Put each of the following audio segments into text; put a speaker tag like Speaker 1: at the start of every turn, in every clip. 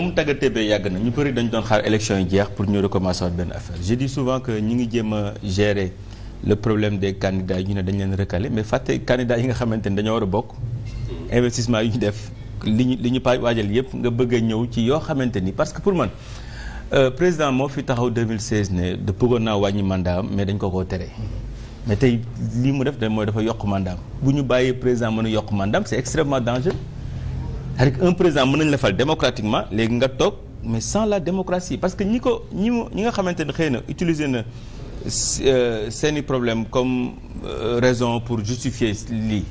Speaker 1: ba mu tagga tébee yàgg na ñu bëri dañ doon xaar élection yi jeex pour ñu recommencer waat benn affaire je souvent que ñi ngi jéem a gérer le problème des candidats yi ñu ne dañ leen recalé mais fàtte candidats yi nga xamante ni dañoo war a bokk investissement yi ñu def li ñu li ñu pa waajal yëpp nga bëgg ñëw ci yoo xamante ni parce que pour man euh, président moo fi taxaw 2016 ne de bëggoon naa wàññi mandat mais dañ ko koo tere mais tey lii mu def de mooy dafa yokk mandat bu ñu bàyyee président mën a yokk mandat am c'est extrêmement avec un président mën nañ la fal démocratiquement léegi nga toog mais sans la démocratie parce que ñi ko ñi ñi nga xamante ne xëy na utiliser na euh, seeni problème comme euh, raison pour justifier lii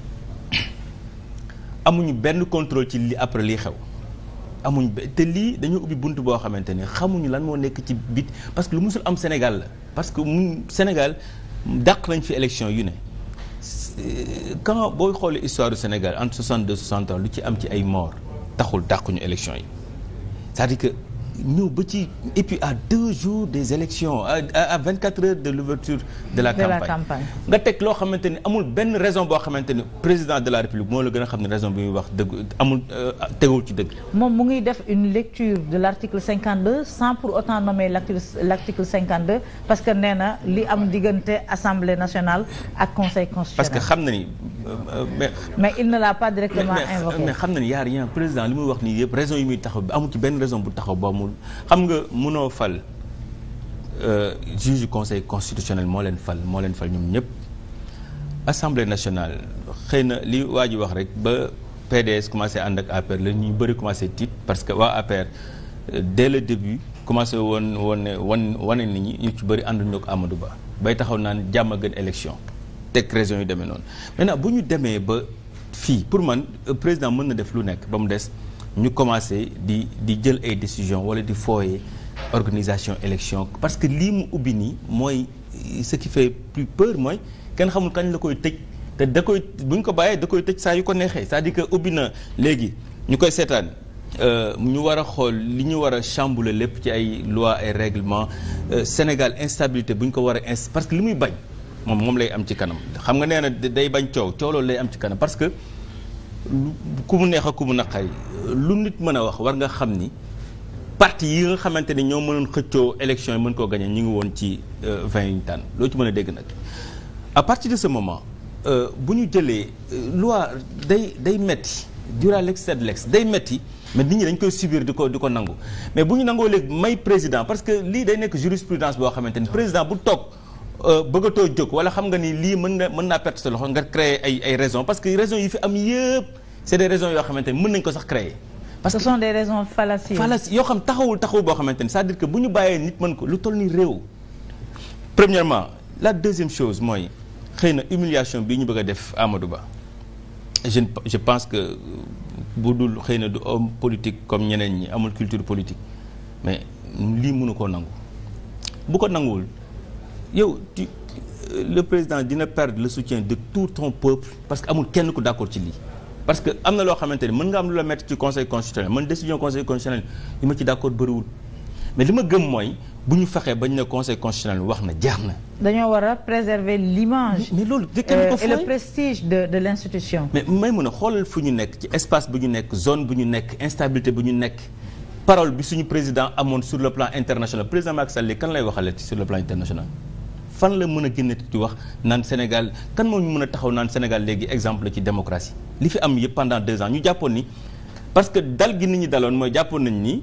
Speaker 1: amuñu benn contrôle ci li après lii xew amuñ te lii dañoo ubbi bunt boo xamante ne xamuñu lan moo nekk ci bit parce que lu musul am Sénégal la parce que mu Sénégal dàq nañ fi élection yu ne quand booy xoolee histoire du Sénégal entre 62 63 lu ci am ci ay morts taxul dàquñu élection yi c'est-à-dire ñëw ba ci et puis à deux jours des élections à à vingt quatre heures de l'ouverture de la campagne nga teg loo xamante amul benn raison boo xamante ni président de la république moo la xam ne raison bi muy wax dëgg amul euh, moom mu ngi def une lecture de l'article cinquante deux sans pour autant nommer l'article cinquante deux parce que nee na li am diggante assemblée nationale ak conseil constitutionnel. parce que xam na ni euh, euh, mais. mais il ne l'a pas directement invoqué. mais xam na ni y rien président li muy wax nii yëpp raison xam nga mënoo fal euh, juge du conseil constitutionnel moo leen fal moo leen fal ñoom ñëpp assemblée nationale xëy na li waa ji wax rek ba PDS commencé ànd ak APR la ñu bëri commencé tiit parce que waa APR euh, dès le début commencé woon woon ne wan wane nit ñi ñu ci bëri ànduñu ak Amadou Ba bay taxaw naan jàmm a gën élection teg raison yu demee noonu maintenant bu ñu demee ba fii pour man euh, président mën na def lu nekk ba mu des ñu commencé di di jël ay décisions wala di fooye organisation élection parce que lii mu ubbi nii mooy ce qui fait plus peur mooy kenn xamul kañ la koy tëj te da koy bu ñu ko bàyyee da koy tëj saa yu ko neexee saa di dire que ubbi na léegi ñu koy seetaan euh, ñu war a xool li ñu war a chambouler lépp ci ay loi ay règlement euh, Sénégal instabilité bu ñu ko war a inst parce que li muy bañ moom moom lay am ci kanam xam nga nee na day bañ coow coow loolu lay am ci kanam parce que ku mu neex ak ku mu naqari lu nit mën a wax war nga xam ni parti yi nga xamante ni ñoo mënoon xëccoo élection yi mën koo gañe ñu ngi woon ci euh, vingt yi loo ci mën a dégg nag à partir de ce moment euh, bu ñu jëlee euh, loi day day metti dura lex sed lex day metti mais nit ñi dañ koy subir di ko di ko nangu mais bu ñu nangoo léegi may président parce que lii day nekk jurisprudence boo xamante ni président bu toog bëggatoo jóg wala xam nga ni lii mën na mën naa perte sa loxo nga créer ay ay raison parce que raison yi fi am yëpp c'est des raisons yoo xamante ni mën nañ ko sax créer parce que ce sont des raisons fallacieuses fallacieuses yoo xam taxawul taxaw boo xamante ni c'est-à-dire que bu ñu bàyyee nit mën ko lu toll ni réew premièrement la deuxième chose mooy xëy na humiliation bi ñu bëgg a def Amadou Ba je je pense que bu dul xëy na du homme politique comme ñeneen ñi amul culture politique mais lii mënu koo nangu bu ko nanguwul yow le président dina perdre le soutien de tout ton peuple parce que amul kenn ku d'accord ci lii parce que am na loo xamante ni mën nga am lu la mettre ci conseil constitutionnel man décision conseil constitutionnel li ma ci d'accord bëriwul mais li ma gëm mooy bu ñu faxee bañ ne conseil constitutionnel wax na jeex na. dañoo war a préserver l'image mais loolu euh, et le prestige de de l'institution. mais may mën a xoolal fu ñu nekk ci espace bu ñu nekk zone bu ñu nekk instabilité bu ñu nekk. parole bi suñu président amoon sur le plan international président Macky Sall kan lay waxale ci sur le plan international fan la mën a génne di wax naan Sénégal kan moo ñu mën a taxaw naan Sénégal léegi exemple ci démocratie. li fi am yëpp pendant deux ans ñu jàppoon ni parce que dal gi nit ñu daloon mooy jàppoon nañ ni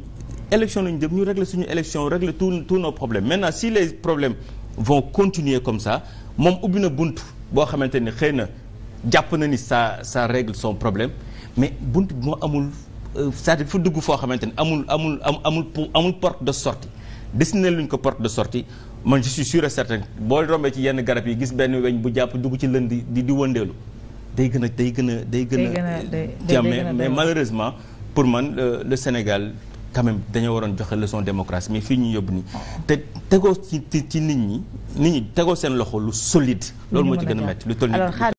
Speaker 1: élection lañu dem ñu régler suñu élection régler tous tous nos problèmes maintenant si les problèmes von continuer comme ça moom ubbi na bunt boo xamante ni xëy na jàpp na ni ça sa régle son problème mais bunt bi moo amul euh, cest à fu dugg foo xamante ni amul amul amul amul porte de sortie dessiné luñ ko porte de sortie man je suis sûr certain boo rombee ci yenn garab yi gis benn weñ bu jàpp dugg ci lënd di di wëndeelu day gën a day gën a day gën a jàmme mais malheureusement pour man le Sénégal quand même dañoo waroon joxe leçon démocratie mais fii ñu yóbbu nii ah. te tegoo ci ci nit ñi nit ñi tegoo seen loxo lu solide loolu moo ci gën a metti lu toll nii